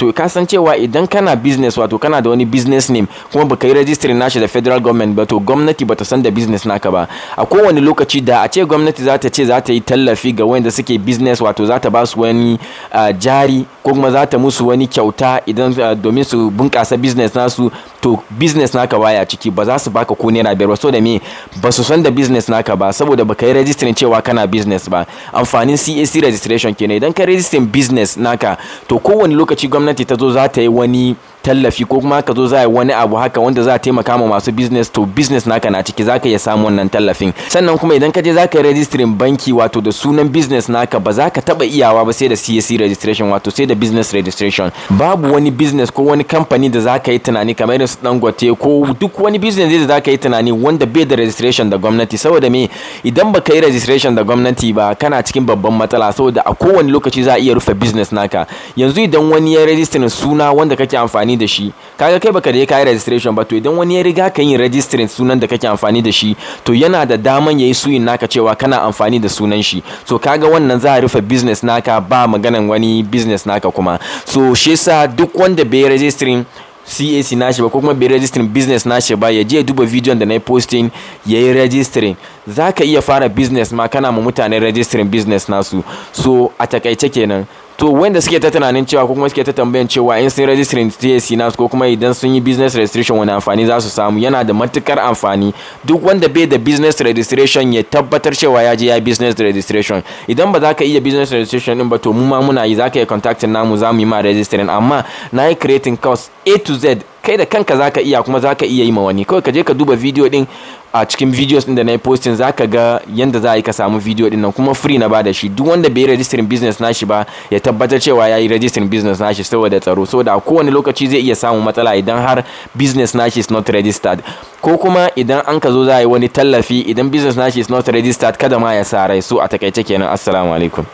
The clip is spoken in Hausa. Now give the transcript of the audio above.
to ka san cewa idan kana business wato kana da wani business name kuma baka yi registry nashi da federal government ba to gwamnati bata san da business naka ba a kowane lokaci da a ce gwamnati za ta ce za ta yi tallafi ga wanda suke business wato za ta ba su wani ah, jari ko kuma za ta musu wani kyauta idan ah, domin su bunkasa business nasu to business naka baya ciki ba za su baka ko naira biyar ba so da me ba su san da business naka ba saboda baka yi registry cewa kana business ba amfanin CAC registration kenan idan ka registering business naka to kowane lokaci gwamnati gwamnati ta zo za ta yi wani tallafi ko kuma ka zo za a yi wani abu haka wanda za a taimaka ma masu business to business naka na ciki za ka iya samu wannan tallafin sannan kuma idan ka je za ka yi registering banki wato da sunan business naka ba za ka taɓa iyawa ba sai da CAC registration wato sai da business registration babu wani business ko wani kamfani da za ka yi tunani kamar irin su dangote ko duk wani business da za ka yi tunani wanda bai da registration da gwamnati saboda me idan ba ka yi registration da gwamnati ba kana cikin babban matsala saboda a kowane lokaci za a iya rufe business naka yanzu idan wani ya registering suna wanda kake amfani amfani da shi kaga kai baka da kai registration ba to idan wani ya riga ka yin registering sunan da kake amfani da shi to yana da daman yayi suyin naka cewa kana amfani da sunan shi so kaga wannan za a rufe business naka ba maganan wani business naka kuma so shi yasa duk wanda bai registering CAC nashi ba ko kuma bai registering business nashi ba ya je ya duba bidiyon da na yi posting ya yi registering za ka iya fara business ma kana ma mutane registering business nasu so a takaice kenan to wanda suke ta tunanin cewa ko kuma suke ta tambayan cewa in sun registrin TAC na ko kuma idan sun yi business registration wani amfani za su samu yana da matukar amfani duk wanda bai da business registration ya tabbatar cewa ya je ya business registration idan ba za ka iya business registration din ba to mu ma muna yi za ka yi contacting namu za mu yi ma registering amma na yi creating course A to Z kai da kanka zaka iya kuma zaka iya yi ma wani kawai ka je ka duba video din a cikin videos din da na yi posting zaka ga yadda za a yi ka samu video din nan kuma free na bada shi duk wanda bai registering business shi ba ya tabbatar cewa ya yi registering business nashi saboda tsaro saboda kowane lokaci zai iya samun matsala idan har business nashi is not registered ko kuma idan an ka zo za a yi wani tallafi idan business nashi is not registered kada ma ya sa rai so a takaice kenan assalamu alaikum